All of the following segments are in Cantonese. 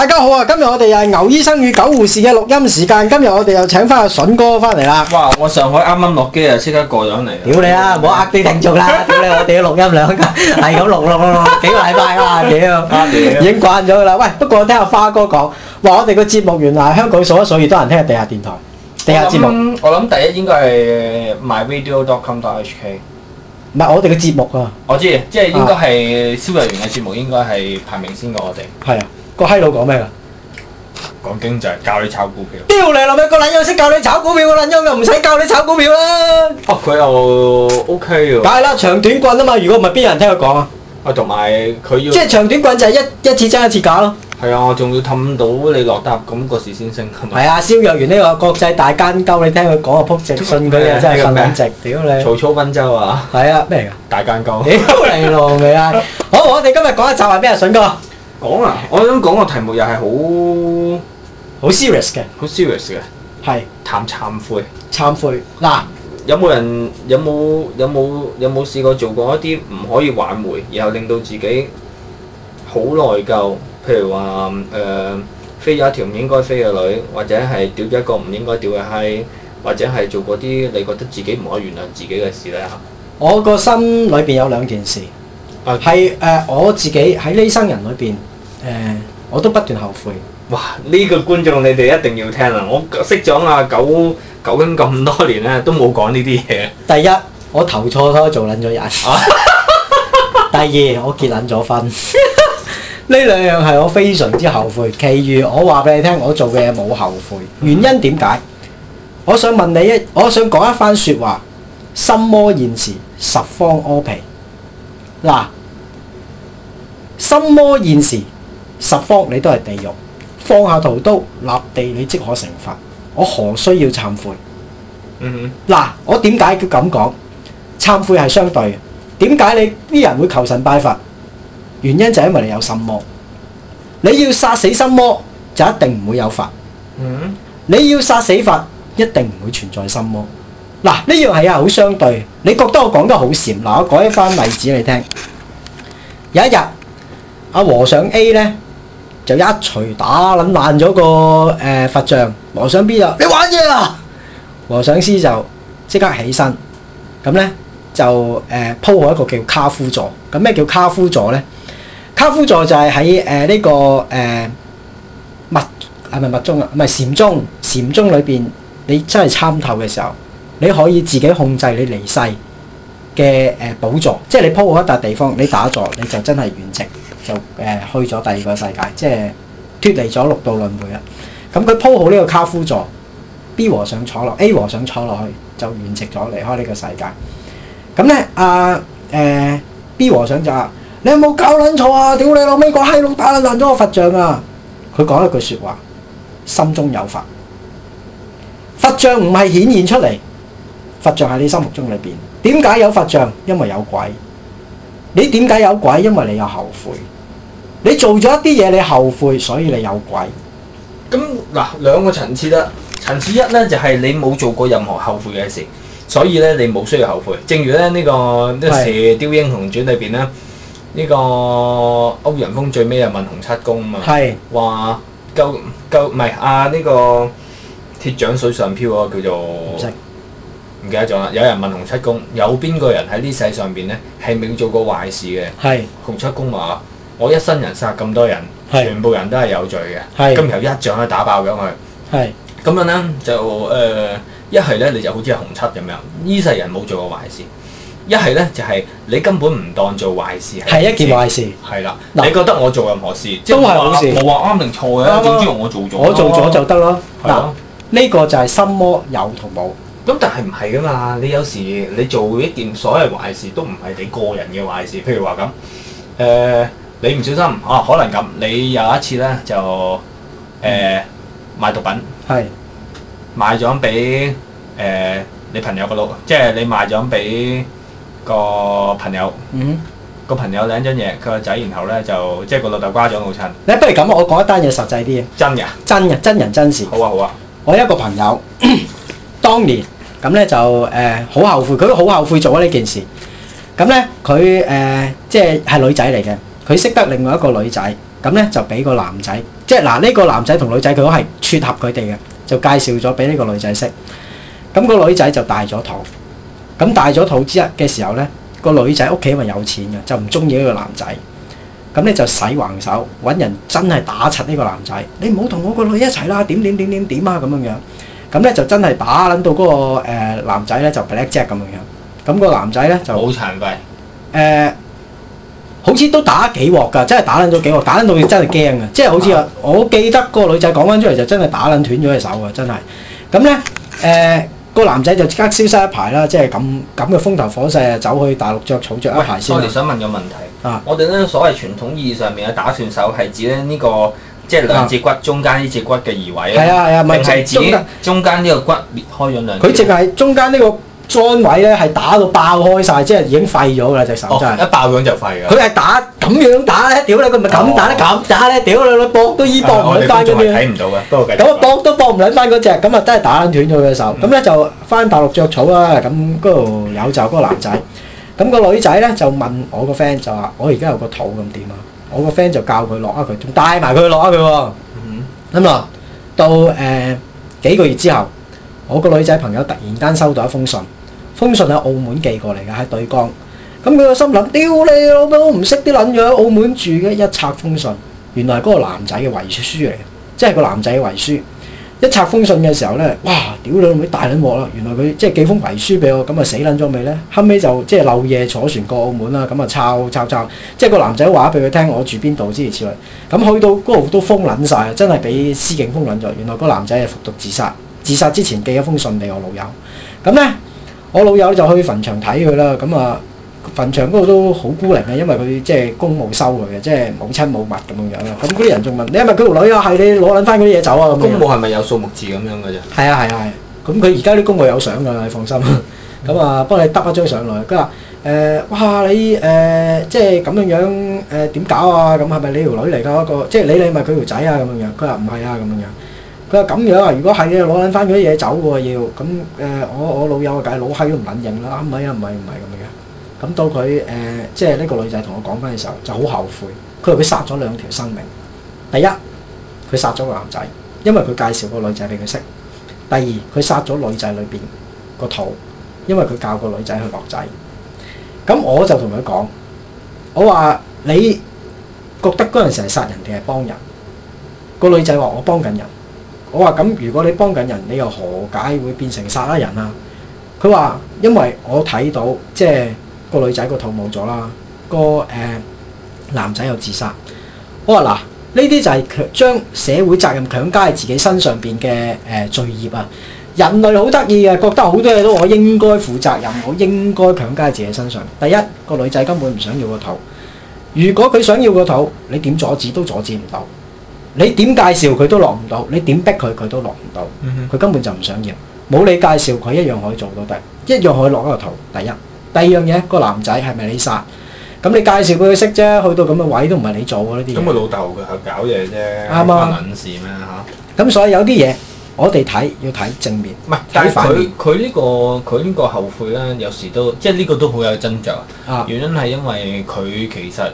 大家好啊！今日我哋又係牛醫生與狗護士嘅錄音時間。今日我哋又請翻阿筍哥翻嚟啦。哇！我上海啱啱落機啊，即刻過咗嚟。屌你啊！唔好壓機停續啦！屌你，我哋錄音兩日係咁錄，錄，錄幾個禮拜哇！屌，已經慣咗噶啦。喂，不過聽阿花哥講話，我哋個節目原來香港數一數二多人聽嘅地下電台、地下節目。我諗第一應該係 myradio.com.hk。唔係我哋嘅節目啊！我知，即係應該係消遺員嘅節目，應該係排名先過我哋。係啊。個閪佬講咩噶？講經濟，教你炒股票。屌你老味，個捻樣識教你炒股票嘅捻樣，又唔使教你炒股票啦，啊。哦、啊，佢又 OK 嘅。梗係啦，長短棍啊嘛，如果唔係邊有人聽佢講啊？啊，同埋佢要。即係長短棍就係一一次爭一次價咯。係啊，我仲要氹到你落搭，咁、那、嗰、個、時先升。係啊，蕭若元呢個國際大奸鳩，你聽佢講啊扑直，信佢麼啊，啊，真係蠢直，屌你 糕！曹操溫州啊？係啊，咩嚟噶？大奸鳩。屌你老味啊！ 好，我哋今日講一集係咩人信哥！講啊！我想講個題目又係好好 serious 嘅，好 serious 嘅，係是談懺悔。懺悔嗱，有冇人有冇有冇有冇試過做過一啲唔可以挽回，然後令到自己好內疚？譬如話誒、呃，飛咗一條唔應該飛嘅女，或者係屌咗一個唔應該屌嘅閪，或者係做過啲你覺得自己唔可以原諒自己嘅事咧嚇。我個心裏邊有兩件事，係誒、啊呃、我自己喺呢生人裏邊。誒、呃，我都不斷後悔。哇！呢、這個觀眾你哋一定要聽啊。我識咗阿九九咁多年咧，都冇講呢啲嘢。第一，我投錯胎做撚咗人。啊、 第二，我結撚咗婚。呢 兩 樣係我非常之後悔，其餘我話俾你聽，我做嘅嘢冇後悔。嗯、原因點解？我想問你一，我想講一番説話：心魔現時，十方屙皮。嗱，心魔現時。十方你都係地獄，放下屠刀立地你即可成佛。我何需要懺悔？嗯哼、mm，嗱、hmm.，我點解佢咁講？懺悔係相對嘅。點解你啲人會求神拜佛？原因就係因為你有心魔。你要殺死心魔，就一定唔會有法；嗯、mm，hmm. 你要殺死佛，一定唔會存在心魔。嗱，呢樣係啊好相對。你覺得我講得好禪？嗱，我講一翻例子你聽。有一日，阿和尚 A 呢。就一錘打捻爛咗個誒、呃、佛像，啊、和尚 B 啊，你玩嘢啊！和尚 C 就即刻起身，咁咧就誒鋪、呃、好一個叫卡夫座。咁咩叫卡夫座咧？卡夫座就係喺誒呢個誒密，係咪密宗啊？唔係，禪宗，禪宗裏邊你真係參透嘅時候，你可以自己控制你離世嘅誒寶座，即、就、係、是、你鋪好一笪地方，你打坐你就真係圓寂。就誒去咗第二個世界，即係脱離咗六道輪迴啦。咁佢鋪好呢個卡夫座，B 和尚坐落，A 和尚坐落去就圓寂咗，離開呢個世界。咁咧啊誒、呃，B 和尚就話：你有冇搞撚錯啊？屌你老味個閪佬，嚯嚯打撚爛咗個佛像啊！佢講一句説話，心中有佛，佛像唔係顯現出嚟，佛像喺你心目中裏邊。點解有佛像？因為有鬼。你點解有鬼？因為你有後悔。你做咗一啲嘢，你後悔，所以你有鬼。咁嗱，兩個層次啦。層次一咧就係、是、你冇做過任何後悔嘅事，所以咧你冇需要後悔。正如咧呢、這個《射是雕英雄傳》裏邊咧，呢個歐陽鋒最尾又問洪七公啊嘛，話夠夠唔係啊？呢、這個鐵掌水上漂啊，叫做。唔記得咗啦！有人問洪七公：有邊個人喺呢世上邊咧係未做過壞事嘅？係洪七公話：我一生人殺咁多人，全部人都係有罪嘅。咁由一掌去打爆咗佢。係咁樣咧就誒，一係咧你就好似洪七咁樣，呢世人冇做過壞事；一係咧就係你根本唔當做壞事係一件壞事。係啦，你覺得我做任何事都係好事，冇話啱定錯嘅？總之我做咗，我做咗就得囉。嗱，呢個就係心魔有同冇。咁但係唔係噶嘛？你有時你做一件所謂壞事都唔係你個人嘅壞事。譬如話咁，誒、呃、你唔小心啊，可能咁。你有一次咧就誒賣、呃、毒品，係、嗯、賣咗俾誒你朋友個老，即係你賣咗俾個朋友。嗯，個朋友舐張嘢，佢個仔，然後咧就即係個老豆瓜咗好襯。你不如咁，我講一單嘢實際啲嘅。真嘅。真嘅，真人真事。好啊好啊，好啊好啊，我一個朋友。 當年咁咧就誒好、呃、後悔，佢都好後悔做咗呢件事。咁咧佢誒即係係女仔嚟嘅，佢識得另外一個女仔，咁咧就俾個男仔，即係嗱呢個男仔同女仔佢都係撮合佢哋嘅，就介紹咗俾呢個女仔識。咁個女仔就大咗肚，咁大咗肚之後嘅時候咧，個女仔屋企咪有錢嘅，就唔中意呢個男仔，咁咧就使橫手揾人真係打柒呢個男仔。你唔好同我個女一齊啦，點點點點點點啊咁樣樣。咁咧就真係打撚到嗰個男仔咧就 blackjack 咁嘅樣，咁個男仔咧就好殘廢誒、呃，好似都打幾鑊㗎，真係打撚咗幾鑊，打撚到真係驚㗎，即、就、係、是、好似、啊、我記得個女仔講翻出嚟就真係打撚斷咗隻手㗎，真係。咁咧誒個男仔就即刻消失一排啦，即係咁咁嘅風頭火勢啊，走去大陸着草着一排先。我哋想問個問題啊，我呢，我哋咧所謂傳統意義上面嘅打斷手係指咧、這、呢個。即係兩隻骨中間呢隻骨嘅移位啊，啊，定係指中間呢個骨裂開咗兩。佢淨係中間個呢個 join 位咧，係打到爆開晒，即係已經廢咗㗎隻手真係一爆咁就廢㗎。佢係打咁樣打咧，嗯、屌你佢咪咁打咧，咁打咧、那個，屌你，你搏都依搏唔甩㗎咩？睇唔到㗎，不過咁。咁啊搏都搏唔甩翻嗰隻，咁啊真係打斷咗佢嘅手。咁咧、嗯、就翻大陸著草啦。咁嗰度有罩嗰個男仔，咁、那個女仔咧就問我個 friend 就話：我而家有個肚咁點啊？我個 friend 就教佢落啊佢，仲帶埋佢落啊佢喎。咁啊、嗯，嗯、到誒、呃、幾個月之後，我個女仔朋友突然間收到一封信，封信喺澳門寄過嚟嘅，喺對江。咁佢個心諗：屌你老母，唔識啲撚樣，澳門住嘅。一拆封信，原來係嗰個男仔嘅遺書嚟嘅，即係個男仔嘅遺書。一拆封信嘅時候咧，哇！屌你老母大撚鑊啦！原來佢即係寄封遺書俾我，咁啊死撚咗未咧？後尾就即係漏夜坐船過澳門啦，咁啊抄抄抄，抄，即係個男仔話俾佢聽，我住邊度之如此類。咁去到嗰度都封撚晒，真係俾司警封撚咗。原來個男仔係服毒自殺，自殺之前寄咗封信俾我老友。咁咧，我老友就去墳場睇佢啦。咁啊～墳場嗰度都好孤零嘅，因為佢即係公墓收佢嘅，即係冇親冇物咁樣樣咁，嗰啲人仲問你係咪佢條女啊？係你攞撚翻嗰啲嘢走啊？公墓係咪有數目字咁樣嘅啫？係啊係啊係。咁佢而家啲公墓有相㗎，你放心。咁、 嗯、啊幫你得一張上來。佢話誒哇你誒、呃、即係咁樣、呃、樣誒點搞啊？咁係咪你條女嚟㗎？一、嗰個即係你係咪佢條仔啊？咁樣樣，佢話唔係啊，咁樣樣。佢話咁樣啊，如果係你攞撚翻嗰啲嘢走喎、啊、要咁誒、呃、我我老友啊，梗係老閪都唔肯認啦，唔係啊唔係唔係咁咁到佢誒、呃，即係呢個女仔同我講返嘅時候，就好後悔。佢話佢殺咗兩條生命，第一佢殺咗個男仔，因為佢介紹個女仔俾佢識；第二佢殺咗女仔裏邊個肚，因為佢教個女仔去落仔。咁我就同佢講，我話你覺得嗰陣時係殺人定係幫人？個女仔話：我幫緊人。我話：咁如果你幫緊人，你又何解會變成殺啦人啊？佢話：因為我睇到即係。個女仔個肚冇咗啦，個誒、呃、男仔又自殺。好話嗱，呢啲就係強將社會責任強加喺自己身上邊嘅誒罪孽啊！人類好得意嘅，覺得好多嘢都我應該負責任，我應該強加喺自己身上。第一，個女仔根本唔想要個肚，如果佢想要個肚，你點阻止都阻止唔到，你點介紹佢都落唔到，你點逼佢佢都落唔到，佢、嗯、哼根本就唔想要。冇你介紹，佢一樣可以做到第一樣可以落一個肚。第一。第二樣嘢個男仔係咪你殺？咁你介紹佢識啫，去到咁嘅位都唔係你做喎呢啲。咁佢老豆佢係搞嘢啫，犯撚、啊、事咩嚇？咁所以有啲嘢我哋睇要睇正面，唔係睇反面。但佢呢個佢呢個後悔咧，有時都即係呢個都好有爭著。原因係因為佢其實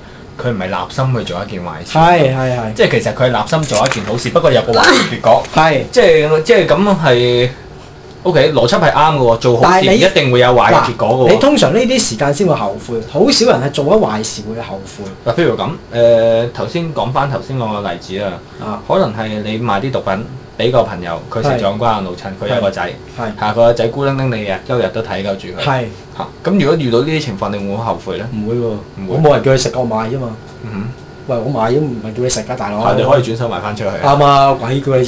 佢唔係立心去做一件壞事。係係係。即係其實佢係立心做一件好事，不過有個壞結果。係、啊、即係即係咁係。O.K.，邏輯係啱嘅喎，做好事唔一定會有壞嘅結果喎、啊。你通常呢啲時間先會後悔，好少人係做咗壞事會後悔。嗱，譬如咁，誒頭先講返頭先兩個例子啊，可能係你賣啲毒品俾個朋友，佢、啊、係長官老襯，佢有個仔，嚇個仔孤零零你日週日都睇夠住佢。係嚇是，咁、啊、如果遇到呢啲情況，你會唔會後悔咧？唔會喎，會我冇人叫佢食我賣啫嘛。嗯哼。喂，我買咗，唔係叫你食。家大佬。我哋可以轉手賣翻出去。啱啊，鬼叫你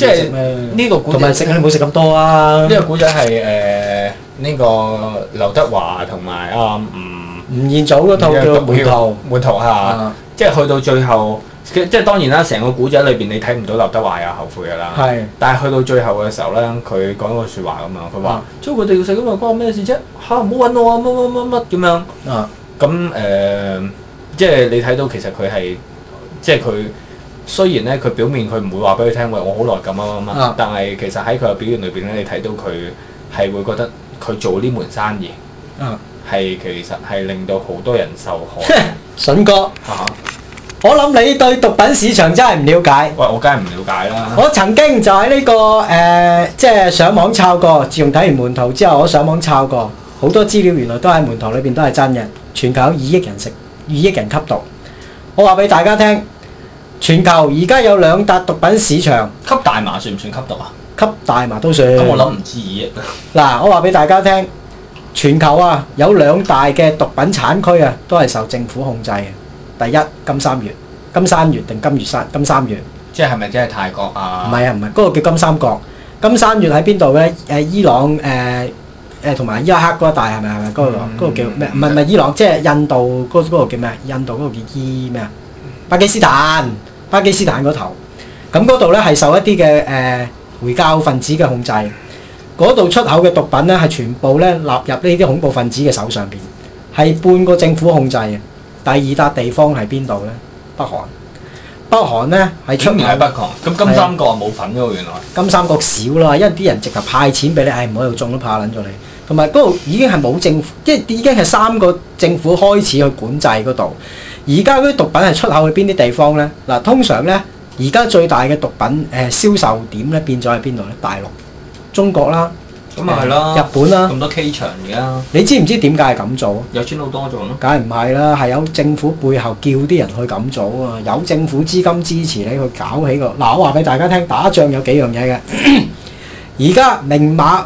食食咁多啊。呢個古仔係誒，呢個劉德華同埋阿吳吳彥祖嗰套叫《門徒》。門徒嚇，即係去到最後，即係當然啦。成個古仔裏邊，你睇唔到劉德華有後悔嘅啦。但係去到最後嘅時候咧，佢講個説話咁啊，佢話：，做佢哋嘅食咁又關我咩事啫？嚇，唔好揾我啊！乜乜乜乜咁樣。啊，咁誒，即係你睇到其實佢係。即係佢雖然咧，佢表面佢唔會話俾佢聽，喂，我好內疚咁樣呀嘛！但係其實喺佢嘅表現裏邊咧，你睇到佢係會覺得佢做呢門生意，嗯，係其實係令到好多人受害。筍 哥啊，我諗你對毒品市場真係唔了解。喂，我梗係唔了解啦！我曾經就喺呢、這個誒，即、呃、係、就是、上網抄過。自從睇完門徒之後，我上網抄過好多資料，原來都喺門徒裏邊都係真人，全球有二億人食，二億人吸毒。我話俾大家聽。全球而家有兩笪毒品市場，吸大麻算唔算吸毒啊？吸大麻都算。咁我諗唔止二億。嗱，我話俾大家聽，全球啊有兩大嘅毒品產區啊，都係受政府控制嘅。第一，金三月，金三月定金月三，金三月。三月三月即係咪即係泰國啊？唔係啊，唔係嗰個叫金三角。金三月喺邊度咧？誒，伊朗誒誒同埋伊拉克一帶，係咪係咪嗰個叫咩？唔係唔係伊朗，即係印度嗰、嗰個叫咩？印度嗰個叫伊咩啊？巴基斯坦，巴基斯坦嗰頭，咁嗰度咧係受一啲嘅誒回教分子嘅控制，嗰度出口嘅毒品咧係全部咧納入呢啲恐怖分子嘅手上邊，係半個政府控制。第二笪地方係邊度咧？北韓，北韓咧係出邊喺北韓，咁金三角冇份喎，的原來金三角少啦，因為啲人直頭派錢俾你，唉，唔好喺度種都怕撚咗你，同埋嗰度已經係冇政府，即係已經係三個政府開始去管制嗰度。而家啲毒品係出口去邊啲地方咧？嗱，通常咧，而家最大嘅毒品誒、呃、銷售點咧變咗喺邊度咧？大陸、中國啦，咁咪係咯，日本啦，咁多 K 場而家、啊。你知唔知點解係咁做？有錢好多做咯、啊。梗係唔係啦？係有政府背後叫啲人去咁做啊！有政府資金支持你去搞起個。嗱、呃，我話俾大家聽，打仗有幾樣嘢嘅。 而家明馬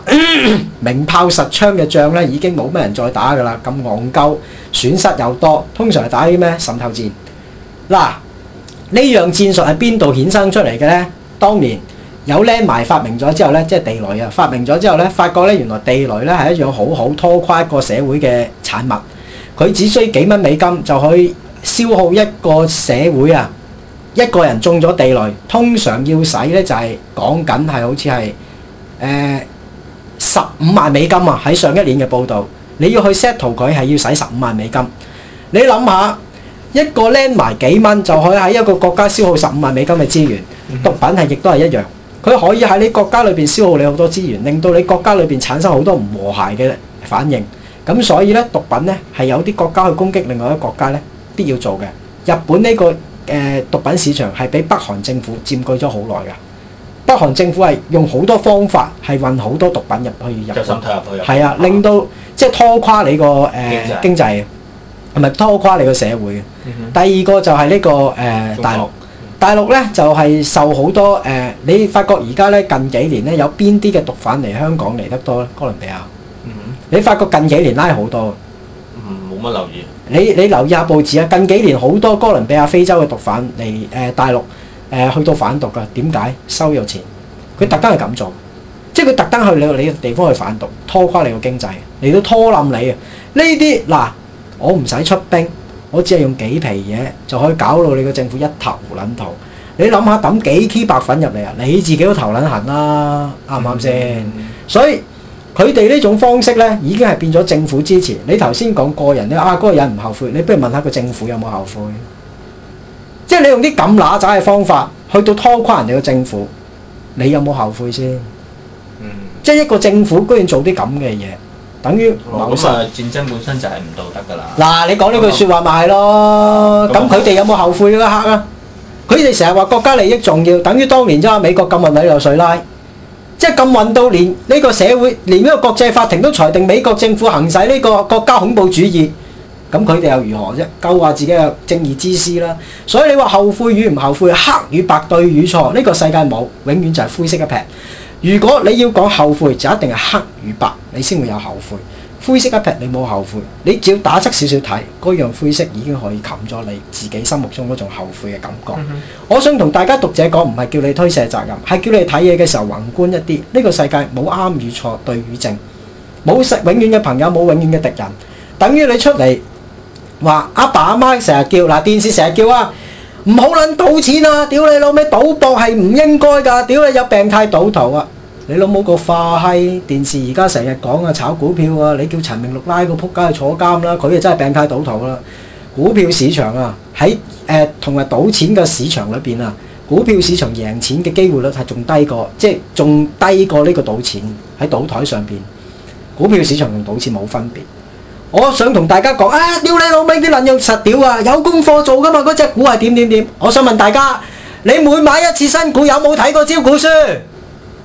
明炮實槍嘅仗咧，已經冇咩人再打噶啦，咁戇鳩，損失又多。通常係打啲咩滲透戰？嗱，呢樣戰術係邊度衍生出嚟嘅咧？當年有匿埋發明咗之後咧，即係地雷啊！發明咗之後咧，發覺咧原來地雷咧係一樣好好拖垮一個社會嘅產物。佢只需幾蚊美金就可以消耗一個社會啊！一個人中咗地雷，通常要使咧就係、是、講緊係好似係，誒十五萬美金啊！喺上一年嘅報導，你要去 settle 佢係要使十五萬美金。你諗下，一個 landmine 幾蚊就可以喺一個國家消耗十五萬美金嘅資源。嗯、哼毒品係亦都係一樣，佢可以喺你國家裏邊消耗你好多資源，令到你國家裏邊產生好多唔和諧嘅反應。咁所以咧，毒品咧係有啲國家去攻擊另外一個國家咧，必要做嘅。日本呢、這個誒、呃、毒品市場係俾北韓政府佔據咗好耐㗎。北韓政府係用好多方法係運好多毒品入去入，係啊，啊令到即係、就是、拖垮你個誒、呃、經濟，係咪濟拖垮你個社會。嗯、哼第二個就係呢、這個誒、呃、國大陸，大陸咧就係、是、受好多誒、呃。你發覺而家咧近幾年咧有邊啲嘅毒販嚟香港嚟得多咧？哥倫比亞，嗯、哼你發覺近幾年拉好多。冇乜、嗯、留意。你你留意下報紙啊！近幾年好多哥倫比亞、非洲嘅毒販嚟誒大陸。呃呃呃呃呃誒去到反毒噶，點解收咗錢？佢特登係咁做，即係佢特登去你你嘅地方去反毒，拖垮你個經濟，嚟到拖冧你啊！呢啲嗱，我唔使出兵，我只係用幾皮嘢就可以搞到你個政府一頭撚塗。你諗下抌幾 K 白粉入嚟啊，你自己都頭撚痕啦，啱唔啱先？嗯、所以佢哋呢種方式咧，已經係變咗政府支持。你頭先講個人，啊嗰個人唔後悔，你不如問下個政府有冇後悔？即係你用啲咁揦鮓嘅方法去到拖垮人哋個政府，你有冇後悔先？嗯、即係一個政府居然做啲咁嘅嘢，等於冇實。哦那個、戰爭本身就係唔道德㗎啦。嗱，你講呢句説話咪係咯？咁佢哋有冇後悔嘅一刻啊？佢哋成日話國家利益重要，等於當年咋美國禁運紐約水拉，即係禁運到連呢個社會連呢個國際法庭都裁定美國政府行使呢個國家恐怖主義。咁佢哋又如何啫？夠話自己係正義之師啦。所以你話後悔與唔後悔，黑與白對與錯，呢個世界冇，永遠就係灰色一撇。如果你要講後悔，就一定係黑與白，你先會有後悔。灰色一撇，你冇後悔。你只要打側少少睇，嗰樣灰色已經可以冚咗你自己心目中嗰種後悔嘅感覺。Mm hmm. 我想同大家讀者講，唔係叫你推卸責任，係叫你睇嘢嘅時候宏觀一啲。呢個世界冇啱與錯，對與正，冇永遠嘅朋友，冇永遠嘅敵人，等於你出嚟。話阿爸阿媽成日叫，嗱電視成日叫啊，唔好撚賭錢啊，屌你老味，賭博係唔應該㗎。屌你有病態賭徒啊，你老母個化閪、啊，電視而家成日講啊，炒股票啊，你叫陳明六拉個撲街去坐監啦，佢啊，就真係病態賭徒啦。股票市場啊，喺誒，同埋賭錢嘅市場裏邊啊，股票市場贏錢嘅機會率係仲低過，即係仲低過呢個賭錢喺賭台上邊，股票市場同賭錢冇分別。我想同大家講啊！屌你老味啲撚用實屌啊！有功課做噶嘛？嗰隻股係點點點？我想問大家，你每買一次新股有冇睇過招股書？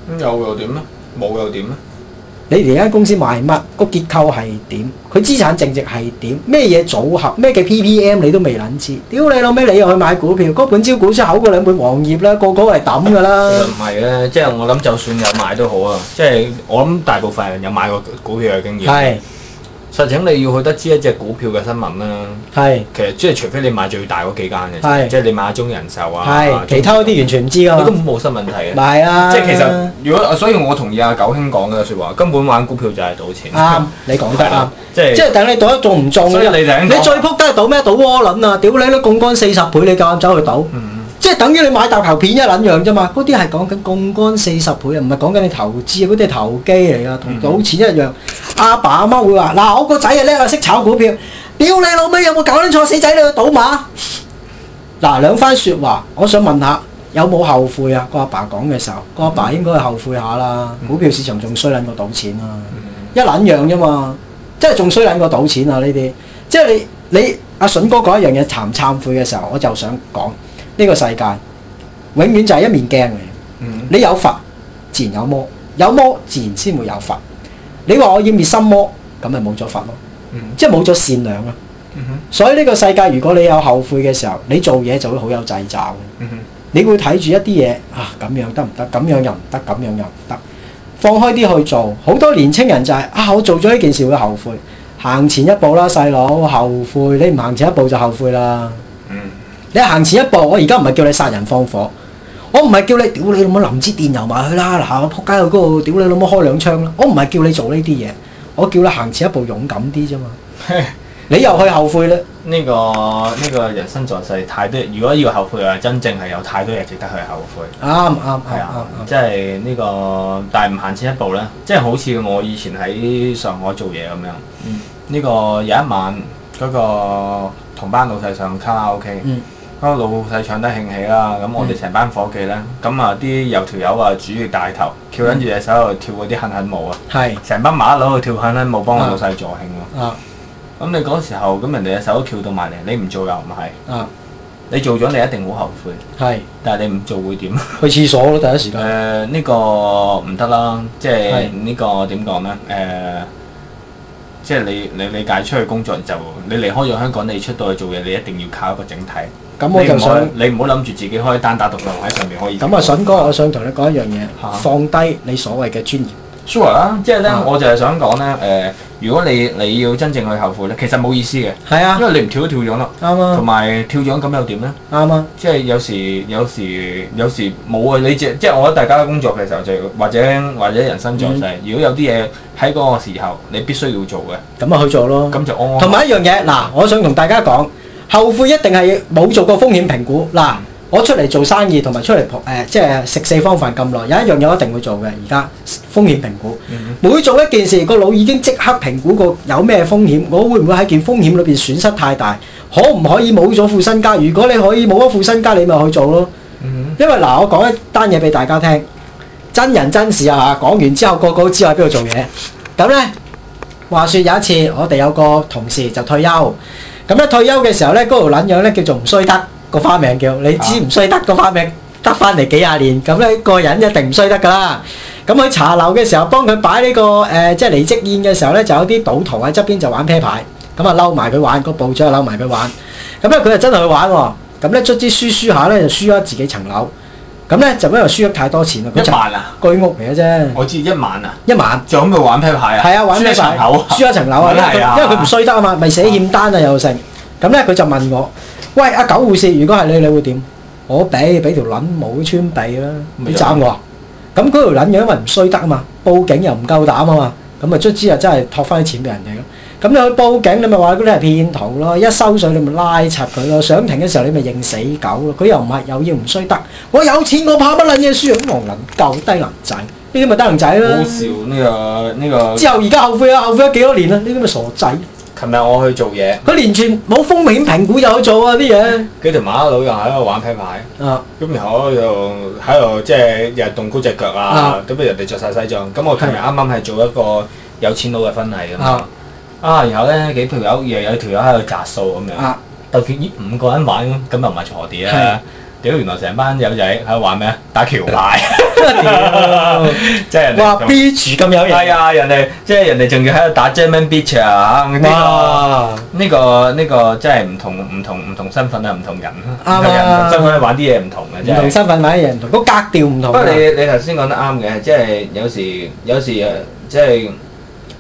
嗯、有又點呢？冇又點呢？你哋間公司賣乜？個結構係點？佢資產淨值係點？咩嘢組合？咩嘅 PPM 你都未撚知？屌你老味，你又去買股票？嗰本招股書厚過兩本黃頁啦，個個係抌噶啦。其實唔係嘅，即係我諗，就算有買都好啊。即係我諗，大部分人有買過股票嘅經驗。係。實情你要去得知一隻股票嘅新聞啦。係，其實即係除非你買最大嗰幾間嘅，即係你買中人壽啊。係，其他嗰啲完全唔知啊。根本冇新問題嘅。係啊，即係其實如果，所以我同意阿九兄講嘅説話，根本玩股票就係賭錢。啱，你講得啱。即係即係等你賭得中唔中你最撲得，係賭咩？賭窩輪啊！屌你都槓桿四十倍，你夠膽走去賭？即係等於你買大頭片一捻樣啫嘛，嗰啲係講緊槓桿四十倍啊，唔係講緊你投資啊，嗰啲係投機嚟噶，同賭錢一樣。阿爸阿媽會話：嗱，我個仔啊叻啊，識炒股票。屌你老味，有冇搞啲錯死仔你去賭馬？嗱，兩番說話，我想問下，有冇後悔啊？個阿爸講嘅時候，個阿爸，爸應該後悔下啦。股票市場仲衰捻過賭錢啊？一捻樣啫嘛，即係仲衰捻過賭錢啊？呢啲即係你你阿筍哥講一樣嘢，談懺悔嘅時候，我就想講。呢個世界永遠就係一面鏡嚟嘅，嗯、你有佛自然有魔，有魔自然先會有佛。你話我要滅心魔，咁咪冇咗佛咯，嗯、即係冇咗善良啦。嗯、所以呢個世界，如果你有後悔嘅時候，你做嘢就會好有掣肘。嗯、你會睇住一啲嘢啊，咁樣得唔得？咁樣又唔得，咁樣又唔得。放開啲去做，好多年青人就係、是、啊，我做咗呢件事會後悔，行前一步啦，細佬後悔，你唔行前一步就後悔啦。你行前一步，我而家唔係叫你殺人放火，我唔係叫你屌你老母淋支電油埋去啦，嗱我仆街去嗰度，屌、那個、你老母開兩槍啦，我唔係叫你做呢啲嘢，我叫你行前一步勇敢啲啫嘛，你又去後悔啦？呢、 這個呢、這個人生在世太多，如果要後悔，又真正係有太多嘢值得去後悔。啱啱啱啱，即係呢個，但係唔行前一步咧，即、就、係、是、好似我以前喺上海做嘢咁樣，呢、嗯、個有一晚嗰、那個同班老細上，上卡拉 OK、嗯。嗰老細唱得興起啦，咁我哋成班伙計咧，咁、嗯嗯、啊啲油條友啊主要帶頭，翹緊住隻手度跳嗰啲康康舞啊，係成是班馬佬去跳康康舞幫我老細助興咯、啊，啊，咁你嗰時候咁人哋隻手都翹到埋嚟，你唔做又唔係，啊、你做咗你一定好後悔，係是，但係你唔做會點？去廁所咯，第一時間。誒呢、 呃這個唔得啦，即係是呢個點講咧？誒、呃，即係你你你介出去工作就你離開咗香港，你出到去做嘢，你一定要靠一個整體。咁我就想你唔好諗住自己開單打獨鬥喺上面可以。咁啊，筍哥，我想同你講一樣嘢，放低你所謂嘅尊嚴。Sure 啦，即係咧，我就係想講咧，誒，如果你你要真正去後悔咧，其實冇意思嘅。係啊，因為你唔跳都跳咗咯。啱啊。同埋跳咗咁又點咧？啱啊。即係有時有時有時冇啊！你即即係我覺得大家工作嘅時候就或者或者人生在世，如果有啲嘢喺嗰個時候你必須要做嘅，咁啊去做咯。咁就同埋一樣嘢，嗱，我想同大家講。後悔一定係冇做過風險評估。嗱，我出嚟做生意同埋出嚟誒、呃，即係食四方飯咁耐，有一樣嘢一定會做嘅，而家風險評估。嗯嗯，每做一件事，個腦已經即刻評估過有咩風險，我會唔會喺件風險裏邊損失太大？可唔可以冇咗副身家？如果你可以冇咗副身家，你咪去做咯。嗯嗯，因為嗱，我講一單嘢俾大家聽，真人真事啊嚇！講完之後，個個都知我喺邊度做嘢。咁呢，話說有一次，我哋有個同事就退休。咁咧退休嘅時候咧，嗰條撚樣咧叫做唔衰得，個花名叫，你知唔衰得，個花名得翻嚟幾廿年，咁咧個人一定唔衰得噶啦。咁喺茶樓嘅時候幫佢擺呢個誒，即係離職宴嘅時候咧，就有啲賭徒喺側邊就玩啤牌，咁啊嬲埋佢玩，個部長就嬲埋佢玩，咁咧佢就真係去玩喎。咁咧卒之輸輸下咧，就輸咗自己層樓。咁咧就因為輸咗太多錢啦，一萬啊，居屋嚟嘅啫。我知一萬啊，一萬就咁佢玩啤牌啊，輸一層樓，輸一層樓啊。因為佢唔衰得啊嘛，咪寫欠單啊又剩。咁咧佢就問我：喂阿狗護士，如果係你，你會點？我俾俾條捻冇穿俾啦，唔俾斬我啊。咁嗰條捻樣因為唔衰得啊嘛，報警又唔夠膽啊嘛，咁啊卒之啊真係托翻啲錢俾人哋咯。咁你去報警，你咪話嗰啲係騙徒咯！一收水，你咪拉拆佢咯。上庭嘅時候，你咪認死狗咯。佢又唔係，又要唔衰得。我有錢，我怕乜撚嘢輸？我能救低能仔，呢啲咪低能仔啦。好笑呢個呢個。之後而家後悔啊，後悔咗幾多年啦！呢啲咪傻仔。琴日我去做嘢，佢完全冇風險評估又去做啊啲嘢。幾條馬佬又喺度玩 p 牌。啊。咁然後又喺度即係又動高隻腳啊！咁啊，人哋着晒西裝，咁我琴日啱啱係做一個有錢佬嘅婚禮啊。啊，然後咧幾條友又有條友喺度擲數咁樣，究竟五個人玩咁，又唔係鋤 D 啊？屌，原來成班友仔喺度玩咩啊？打橋牌，即係人哋話，beach 咁有型！係啊，人哋即係人哋仲要喺度打 j a m m i n beach 啊！哇，呢個呢個即係唔同唔同唔同身份啊，唔同人啦，啱啊，身份玩啲嘢唔同嘅，唔同身份玩啲嘢唔同，個格調唔同。不過你你頭先講得啱嘅，即係有時有時即係。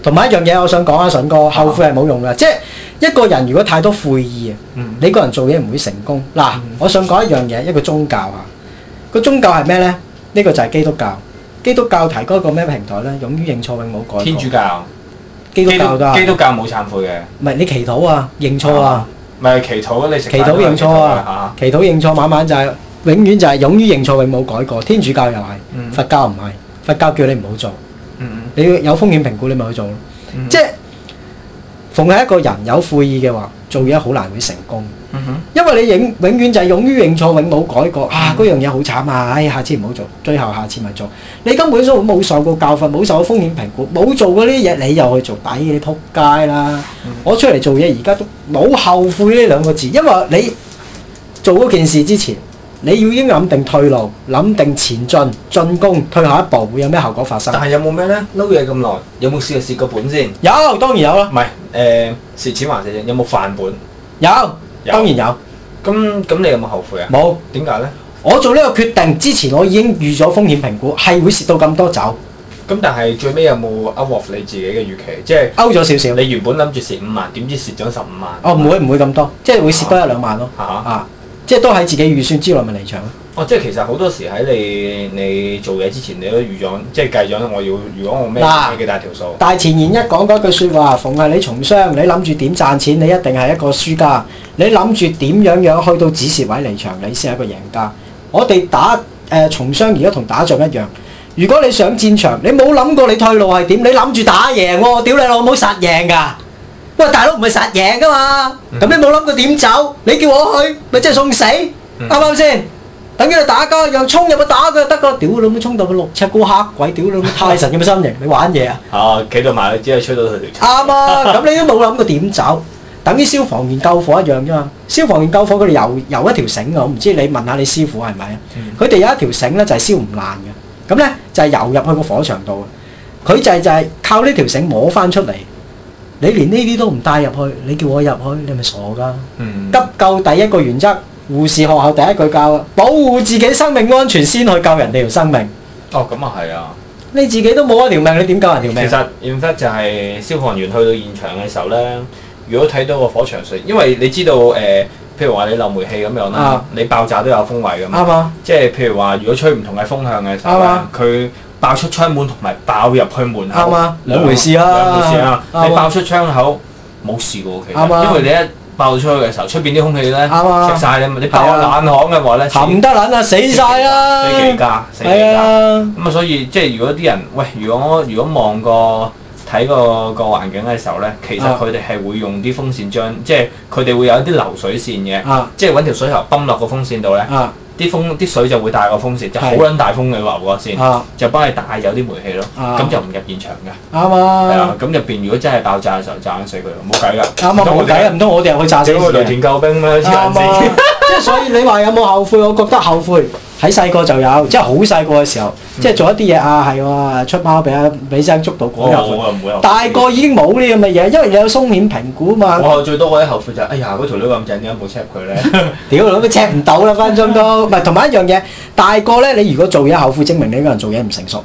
同埋一樣嘢，我想講啊，筍哥，後悔係冇用嘅。即係一個人如果太多悔意，你個人做嘢唔會成功。嗱，我想講一樣嘢，一個宗教啊，個宗教係咩咧？呢個就係基督教。基督教提供一個咩平台咧？勇於認錯永冇改過。天主教。基督教。基督教冇懺悔嘅。唔係你祈禱啊，認錯啊。唔係祈禱，你食飯啦。祈禱認錯啊！祈禱認錯，晚晚就係永遠就係勇於認錯，永冇改過。天主教又係，佛教唔係，佛教叫你唔好做。嗯，你要有風險評估，你咪去做咯。嗯、哼即係逢係一個人有悔意嘅話，做嘢好難會成功。嗯、哼，因為你永遠就勇於認永遠就係勇於認錯，永冇改過。啊，嗰樣嘢好慘啊！哎，下次唔好做，最後下次咪做。你根本都冇受過教訓，冇受過風險評估，冇做過呢啲嘢，你又去做，抵你撲街啦！嗯、哼我出嚟做嘢而家都冇後悔呢兩個字，因為你做過件事之前。你要應該諗定退路，諗定前進，進攻退下一步，會有咩後果發生？但係有冇咩呢？撈嘢咁耐，有冇試過蝕過本先？有，當然有啦。唔係，誒，蝕錢還是有冇翻本？有，當然有。咁咁，你有冇後悔啊？冇。點解呢？我做呢個決定之前，我已經預咗風險評估，係會蝕到咁多走。咁但係最尾有冇 out of 你自己嘅預期？即係勾咗少少。你原本諗住蝕五萬，點知蝕咗十五萬？哦，唔會唔會咁多，即係會蝕多一兩萬咯。啊。即係都喺自己預算之內咪離場咯。哦，即係其實好多時喺你你做嘢之前，你都預咗，即係計咗我要預我，如果我咩幾大條數？大前言一講嗰句説話，逢係你從商，你諗住點賺錢，你一定係一個輸家。你諗住點樣樣去到止蝕位離場，你先係一個贏家。我哋打誒從、呃、商而家同打仗一樣。如果你上戰場，你冇諗過你退路係點，你諗住打贏，我屌你老母殺贏㗎！喂，大佬唔係實贏噶嘛？咁你冇諗過點走？你叫我去，咪即係送死，啱唔啱先？等佢打交又衝入去打佢就得個屌佬冇衝到去六尺高黑鬼屌佬，太神咁嘅心型，你玩嘢啊？啊，企到埋去之後，吹到佢條。啱啊！咁你都冇諗過點走？等於消防員救火一樣啫嘛。消防員救火佢哋遊遊一條繩嘅，我唔知你問下你師傅係咪啊？佢哋有一條繩咧，就係燒唔爛嘅。咁咧就係遊入去個火場度，佢就係就係靠呢條繩摸翻出嚟。你連呢啲都唔帶入去，你叫我入去，你係咪傻噶？嗯、急救第一個原則，護士學校第一句教啊，保護自己生命安全先去救人哋條生命。哦，咁啊係啊！你自己都冇一條命，你點救人條命？其實，in fact 就係、是、消防員去到現場嘅時候呢，如果睇到個火場時，因為你知道誒、呃，譬如話你漏煤氣咁樣啦，嗯、你爆炸都有風位咁嘛。嗯嗯嗯、即係譬如話，如果吹唔同嘅風向嘅時候，佢、嗯。嗯嗯爆出窗門同埋爆入去門口，啱啊，兩回事啊，兩回事啊！你爆出窗口冇事嘅其實，因為你一爆出去嘅時候，出邊啲空氣咧，食晒啦，你爆冷巷嘅話咧，唔得撚啊，死晒啊！死幾家，死幾家。咁啊，所以即係如果啲人喂，如果我如果望過睇嗰個環境嘅時候咧，其實佢哋係會用啲風扇將，即係佢哋會有一啲流水線嘅，即係揾條水喉泵落個風扇度咧。啲風啲水就會帶個風扇，是就好撚大風嘅流過先，啊、就幫你帶走啲煤氣咯，咁、啊、就唔入現場嘅。啱啊！係啊，咁入邊如果真係爆炸嘅時候，炸死佢冇計㗎。啱冇計啊，唔通難道 我哋又去炸死佢？雷霆救兵咩？啱。所以你話有冇後悔？我覺得後悔喺細個就有，即係好細個嘅時候，嗯、即係做一啲嘢啊，係哇出貓俾阿俾阿叔捉到，嗰日、啊哦、大個已經冇呢咁嘅嘢，因為有風險評估啊嘛。我、哦、最多我啲後悔就是、哎呀嗰條女咁正，點解冇 check 佢咧？屌你咪 check 唔到啦，分分鐘唔係同埋一樣嘢。大個咧，你如果做嘢後悔，證明你個人做嘢唔成熟。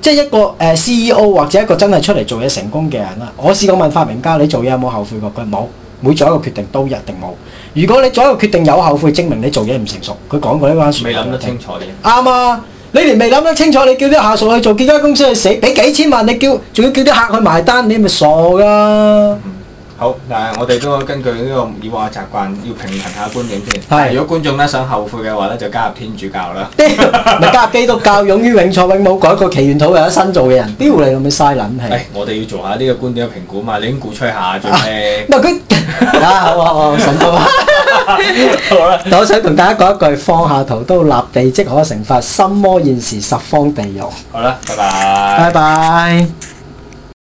即係、嗯嗯、一個誒、呃、CEO 或者一個真係出嚟做嘢成功嘅人啊，我試過問發明家你做嘢有冇後悔過？佢冇，每做一個決定都一定冇。如果你左右決定有後悔，證明你做嘢唔成熟。佢講過呢番話，未諗得清楚嘅。啱啊！你連未諗得清楚，你叫啲下屬去做幾間公司去死，俾幾千萬，你叫仲要叫啲客去埋單，你係咪傻㗎、啊！好，但係我哋都根據呢、這個以往嘅習慣，要平衡下觀點先。係是，如果觀眾咧想後悔嘅話咧，就加入天主教啦。丟， 加入基督教，勇於永錯永冇改過，祈、那、願、個、土為咗新做嘅人。丟你咁嘅嘥撚氣。哎、我哋要做下呢個觀點嘅評估嘛，你估鼓吹下先。唔係佢啊，好啊，好啊，好啦，我想同 吧 大家講一句：放下屠刀，立地即可成佛。心魔現時十方地獄。好啦吧，拜拜。拜拜。